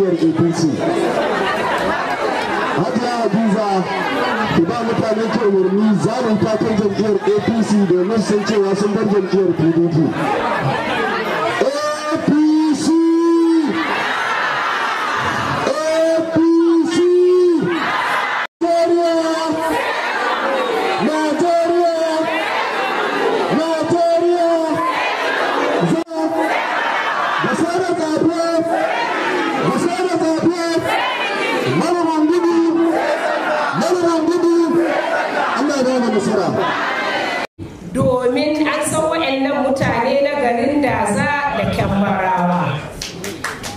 jam'iyyar apc hajiya hadiza ki ba mutane ke umarni zanen fatan jam'iyyar apc domin sun cewa sun bar jam'iyyar pdp nasara domin an san waɗannan mutane na garin daza da kyambarawa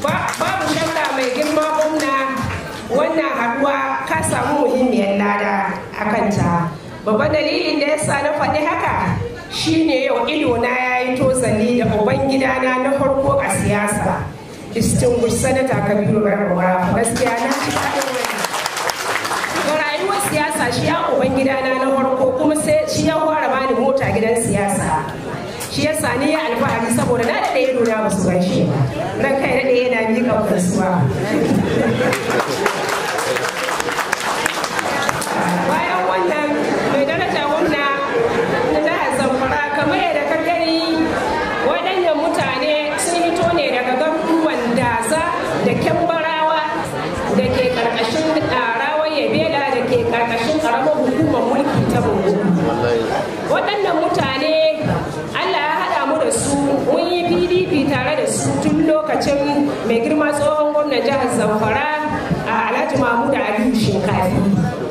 babu shakka mai girma gwamna wannan haduwa ka samu muhimmiyar lada a kanta babban dalilin da ya sa na faɗi haka shine yau idona ya yi tozali da uban gidana na farko a siyasa distinguished senator kabiru Barbara, gaskiya na cikin siyasa shi ya uban gidana na farko kuma sai shi ya fara bani mota gidan siyasa shi ya sani ya alfahari saboda na daɗe ɗaya na basu gashi ran kai na biyu miƙa kasuwa zamfara a alhaji da ali shinkafi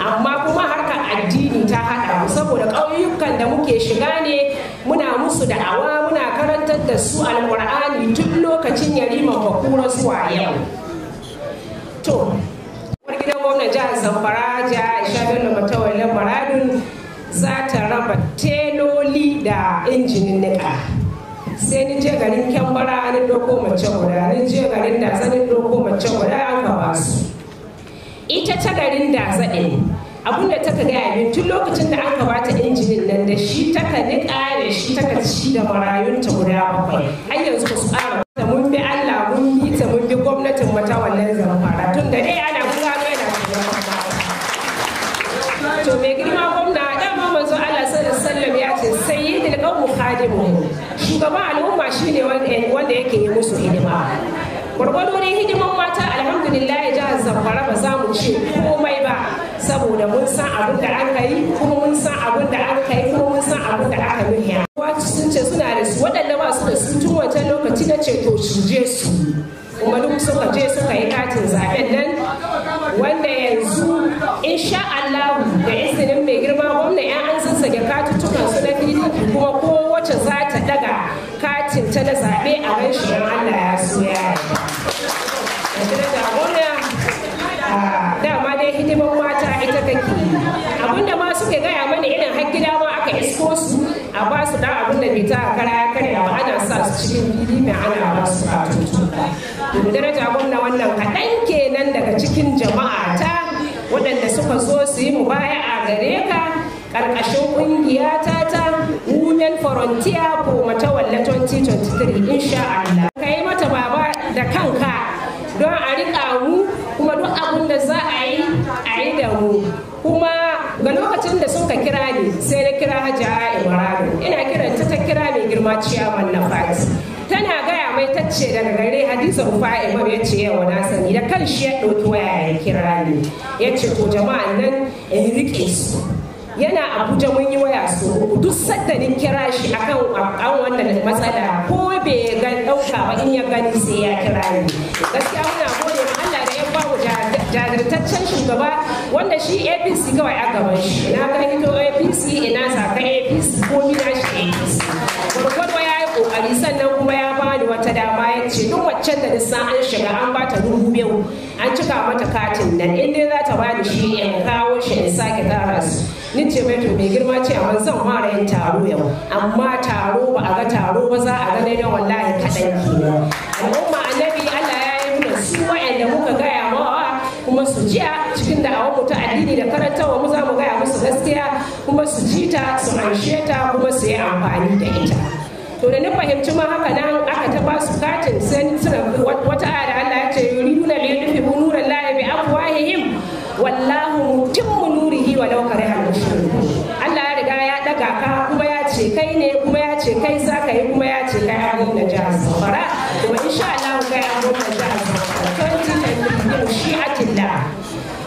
amma kuma harkar addini ta haɗa mu saboda ƙauyukan da muke shiga ne muna musu da'awa muna karantar da su alƙur'ani duk lokacin yariman bakura zuwa yau to gidan gwamnan jihar zamfara jihar isha bello matawallin maradun za ta raba teloli da injinin niƙa sai ni je garin kyambara ni doko mace guda ni je garin da ni doko mace guda an ba su ita ta garin da zaɗin abin da taka gaya min tun lokacin da aka bata injinin nan da shi taka niƙa da shi taka shi da marayunta guda bakwai har yanzu ba su mun bi Allah mun bi ta mun bi gwamnatin mata wannan zama gwargwado hidimar hidiman mata alhamdulillah jihar zamfara ba za mu ce komai ba saboda mun san abin da aka yi kuma mun san abin da aka yi kuma mun san abin da aka yi sun ce suna da su waɗanda ba su da sun tun wancan lokaci na ce to su je su kuma duk suka je suka yi katin zaben da isko su a ba su dan abin da bai a kara ya karya ba ana sa su cikin fili mai ana ba su katutu to daraja gwamna wannan kaɗan kenan daga cikin jama'a ta waɗanda suka so su yi mu baya a gare ka ƙarƙashin ƙungiya ta ta women frontier for matawalla 2023 insha Allah ka yi mata baba da kanka don a riƙa mu sai na kira a imranu ina kiranta ta kira mai girma ciyawan na fati tana gaya mai tacce daga gare hadisan rufa'i imam ya ce yawa na sani da kan shi ya ɗauki waya ya kira ne. ya ce ko jama'a nan in rike su yana abuja mun yi waya su duk sadda kira shi akan an wannan matsala ko bai ga ɗauka ba in ya gani sai ya kira ne. gaskiya muna jajirtaccen shugaba wanda shi apc kawai a gaban shi na ka hito apc ina sa saka apc komi na shi apc gwargwado ya yi kokari sannan kuma ya bani wata dama ya ce duk waccan da nisa an shiga an ba ta dubu biyu an cika mata katin nan in dai za ta bani shi in kawo shi in sake kara su ni ce mai to mai girma ce amma zan fara yin taro yau amma taro ba a ga taro ba za a ga dai wallahi kaɗan al'umma annabi Allah ya yi mana su wa'anda muka kuma su jiya cikin da mu ta addini da karantarwa mu za mu gaya musu gaskiya kuma su ji ta su anshe ta kuma su yi amfani da ita to da na fahimci ma haka nan aka ta ba su katin sai suna wata aya da Allah ya ce yuriduna li yudfi'u nuran lahi bi afwahihim wallahu mutimmu nurihi wa law kariha Allah ya riga ya daga ka kuma ya ce kai ne kuma ya ce kai za ka yi kuma ya ce kai abun da jihar safara kuma insha Allah kai abun da jihar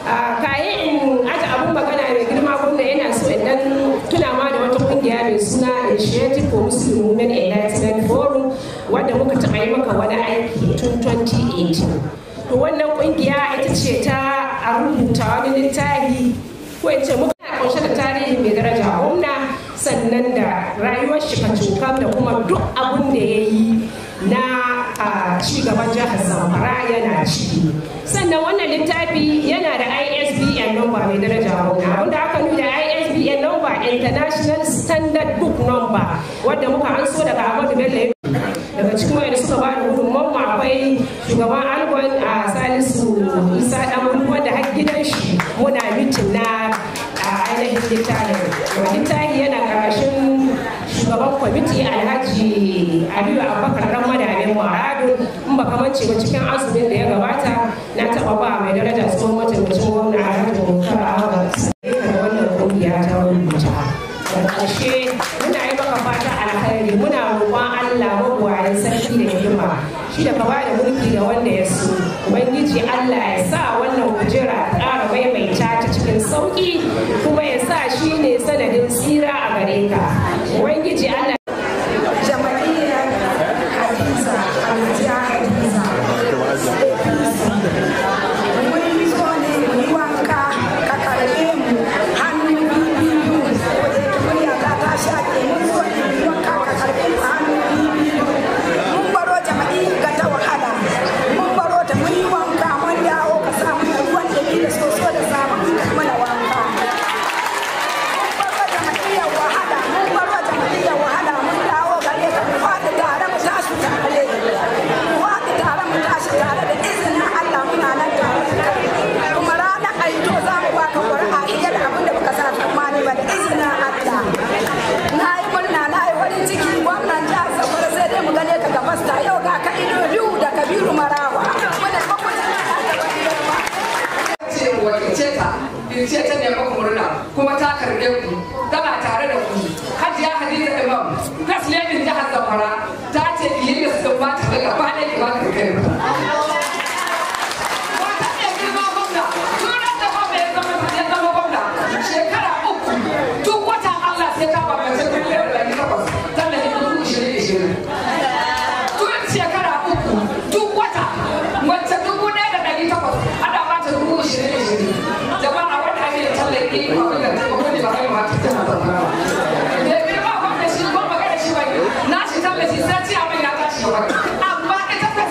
A in aji abun magana mai girma gwamna yana so in dan tunawa da wata kungiya mai suna initiative for muslim women enlightenment forum wadda muka taɓa yi maka wani aiki tun 2018 to wannan kungiya ita ce ta a rubuta wani littafi ko in ce muka kunshe da tarihi mai daraja gwamna sannan da rayuwar shi kacokan da kuma duk abun da ya yi na ci gaban jihar zamfara yana ciki sannan wannan littafi yana da number mai daraja hudu abinda aka nuna ISBN number international standard book number wadda muka an so daga Ahmadu Bello daga cikin wayanda suka ba da gudunmawar mu akwai shugaban Algon a Salisu Isa dan wanda har gidan shi muna mitin na ainihin littafin littafi yana karashin shugaban kwamiti alhaji aliyu abubakar dan madamin maradu in ba kamance ba cikin azumin da ya gabata na taba ba mai daraja tsohon amma ita ta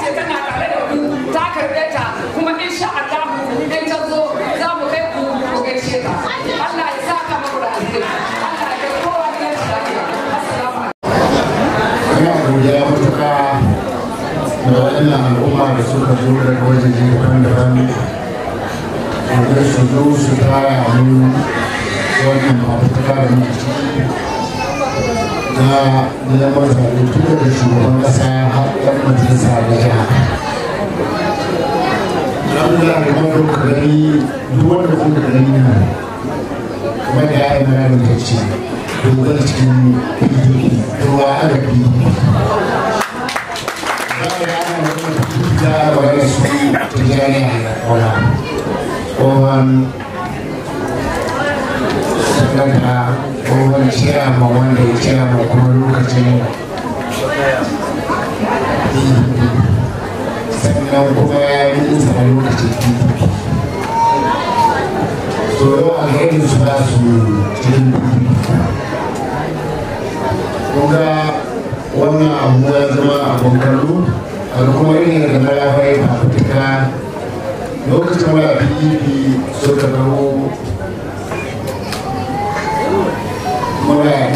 ce tana tare da ta karɓe ta kuma insha ta Allah da alheri Allah ya kai kowa ne shi lafiya assalamu alaikum da da suka zo daga wajeje daban-daban da su su tara mu wannan abu da na na mazaunin tun daga shugaban ƙasa ya ɗan majalisa na jiha alhamdulillah kamar da kuka gani duk wanda kuka gani na kamar da ya yi magana da ce dogon cikin pdp ruwa aka pdp da wani su tijjani a kowa talaka ko wani ciyama wanda ya ciyama kuma lokacin sannan kuma ya yi nisa a lokacin pdp tsoron alherin su ba su cikin pdp kuma wannan abu ya zama abin kallo al'ummarin da na ya fafutuka lokacin wani pdp suka kawo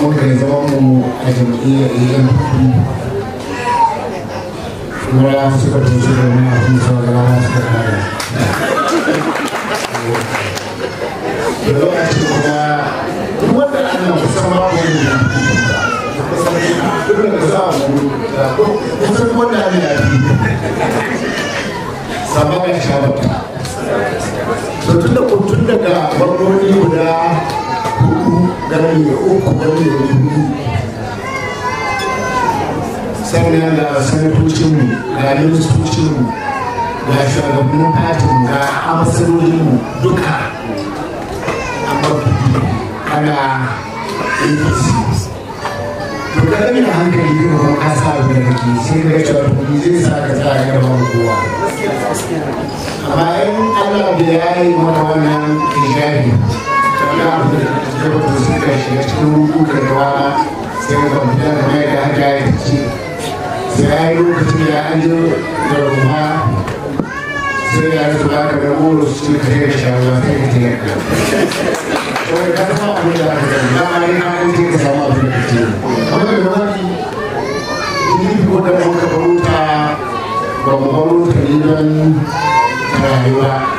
muka yi zaman mu a jam'iyyar ANPP kuma suka toshe da wani abin da sauran rama suka kare da lokacin kuma duk ya fi tun daga gwamnoni guda wani ya uku wani ya biyu sannan ga sanatocinmu ga ministocinmu ga shugabannin fatin ga amsarorinmu duka amma kana apc to ka da hankali ne kuma ka da kake sai ka ce wani zai sa ka sa ka ba kowa amma in allah da ya yi maka wannan hijabi wani abu da gabatar suka shiga cikin rubuka da rana sai ga kwamfuta da mai da hajja ya ci sai ya yi lokacin da an je da rumha sai ya rasu ba ka da goro su ci kare da shawara sai ka tiyar ka wani ka samu abin da aka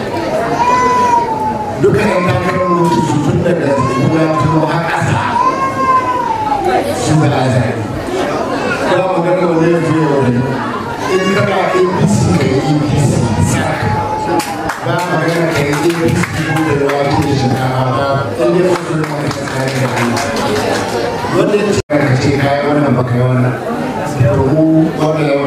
duka in ka kai mutu su tun daga ruwa kuma har ƙasa su da azari ba magana wani ya fiye wani in kana apc ka yi apc saka ba magana ka yi apc ko da rawa ko da shinkafa ba in dai mutu da wani ka kare da wani wanda ya ce ka ce ka wannan ba ka yi wannan to mu wannan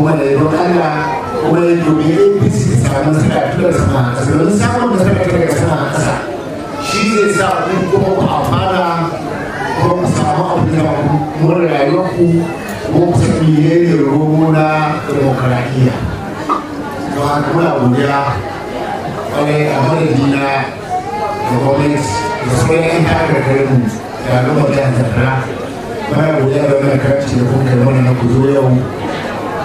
kuma da yadda Allah kuma ya dobe APC ta samu suka tura sama a ƙasa domin samun da suka tura sama a ƙasa shi zai sa ku kuma ku amfana kuma ku samu abin da mun rayuwar ku kuma ku san menene romo na demokaradiyya to haka muna godiya wani a madadina da gwamnati da sauran 'yan takarkarin da al'ummar jihar Zamfara muna godiya da wannan karanci da kuma kai na ku zo yau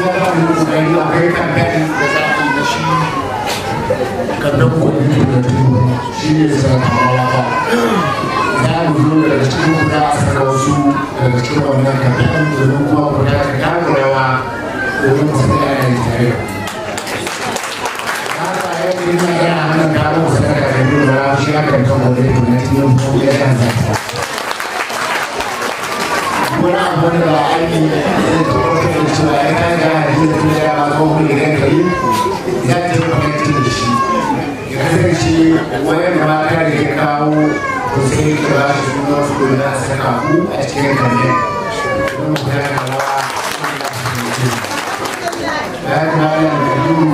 kuma za mu yi da za ku yi da shi kamfen kwamfuta ba a saka wasu daga cikin wannan kuma ta yana da shi ya kuma ya da ba aiki cewa ya kai ga hadisi da tun da ma ko kun idan kai ya ce ba kai tun da shi ya kasance wayar da mata da ya kawo ko sai ka ba su suna su ko na saka ku a cikin kamar don ku ya kawo ya kawo ya kawo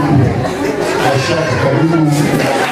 a shaka kawo